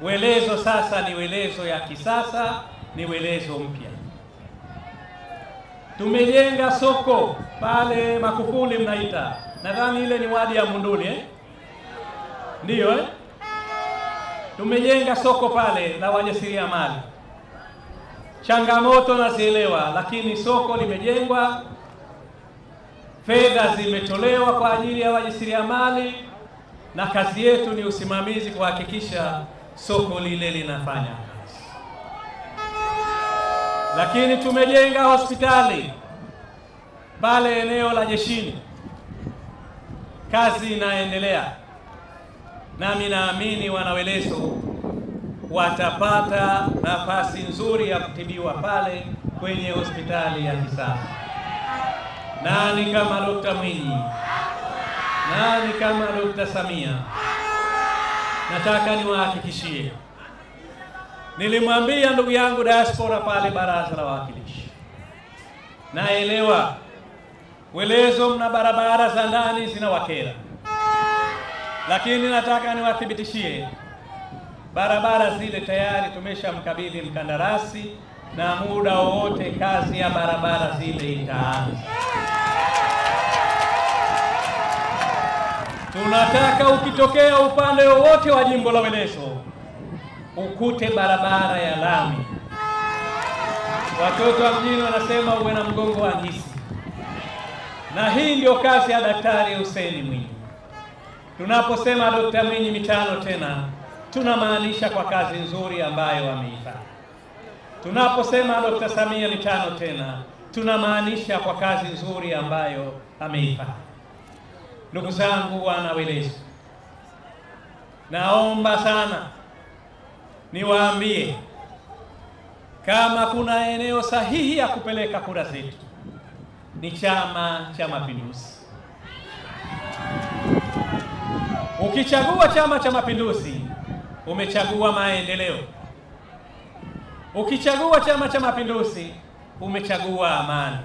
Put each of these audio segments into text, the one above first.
welezo sasa ni welezo ya kisasa, ni welezo mpya. Tumejenga soko pale Makufuli mnaita, nadhani ile ni wadi ya Munduli eh? Ndiyo eh? Tumejenga soko pale la wajasiriamali. Changamoto nazielewa, lakini soko limejengwa, fedha zimetolewa kwa ajili ya wajasiriamali, na kazi yetu ni usimamizi kuhakikisha soko lile linafanya kazi, lakini tumejenga hospitali pale eneo la Jeshini, kazi inaendelea, nami naamini wanaweleso watapata nafasi nzuri ya kutibiwa pale kwenye hospitali ya kisasa. Nani kama Dokta Mwinyi? Nani kama Dokta Samia? nataka niwahakikishie, nilimwambia ndugu yangu diaspora pale baraza la wawakilishi, naelewa welezo mna barabara za ndani zinawakera, lakini nataka niwathibitishie barabara zile tayari tumeshamkabidhi mkandarasi na muda wowote kazi ya barabara zile itaanza. tunataka ukitokea upande wowote wa jimbo la Weleso ukute barabara ya lami. Watoto wa mjini wanasema uwe na mgongo wa ngisi, na hii ndio kazi ya Daktari Hussein Mwinyi. Tunaposema Dokta Mwinyi mitano tena, tunamaanisha kwa kazi nzuri ambayo ameifanya. Tunaposema Dokta Samia mitano tena, tunamaanisha kwa kazi nzuri ambayo ameifanya. Ndugu zangu Welezi, naomba sana niwaambie kama kuna eneo sahihi ya kupeleka kura zetu ni Chama cha Mapinduzi. Ukichagua Chama cha Mapinduzi umechagua maendeleo. Ukichagua Chama cha Mapinduzi umechagua amani.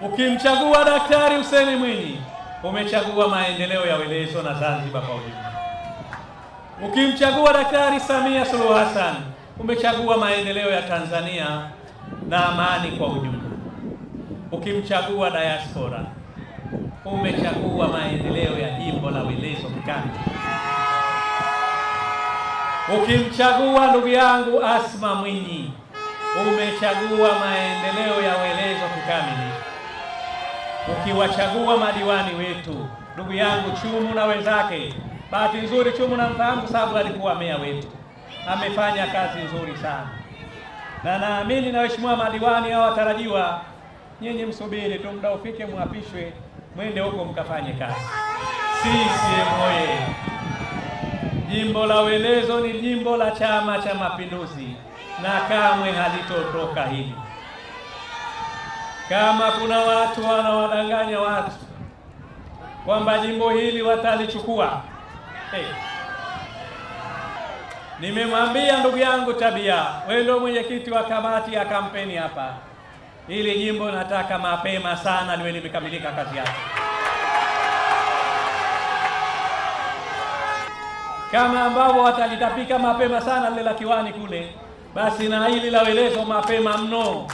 Ukimchagua Daktari Hussein Mwinyi umechagua maendeleo ya Welezo na Zanzibar kwa ujumla. Ukimchagua Daktari Samia Suluhu Hassan umechagua maendeleo ya Tanzania na amani kwa ujumla. Ukimchagua diaspora umechagua maendeleo ya jimbo la Welezo Mkanda. Ukimchagua ndugu yangu Asma Mwinyi umechagua maendeleo ya Welezo Kikami ukiwachagua madiwani wetu, ndugu yangu Chumu na wenzake. Bahati nzuri Chumu namfahamu kwa sababu alikuwa meya wetu, amefanya kazi nzuri sana, na naamini na waheshimiwa madiwani hao watarajiwa, nyinyi msubiri tu muda ufike, mwapishwe, mwende huko mkafanye kazi. Sisi oye! Jimbo la Welezo ni jimbo la Chama cha Mapinduzi na kamwe halitotoka hili. Kama kuna watu wanawadanganya watu kwamba jimbo hili watalichukua, hey. Nimemwambia ndugu yangu Tabia, wewe ndio mwenyekiti wa kamati ya kampeni hapa. Hili jimbo nataka mapema sana liwe limekamilika kazi yake. Kama ambavyo watalitapika mapema sana lile la Kiwani kule, basi na hili la Welezo mapema mno.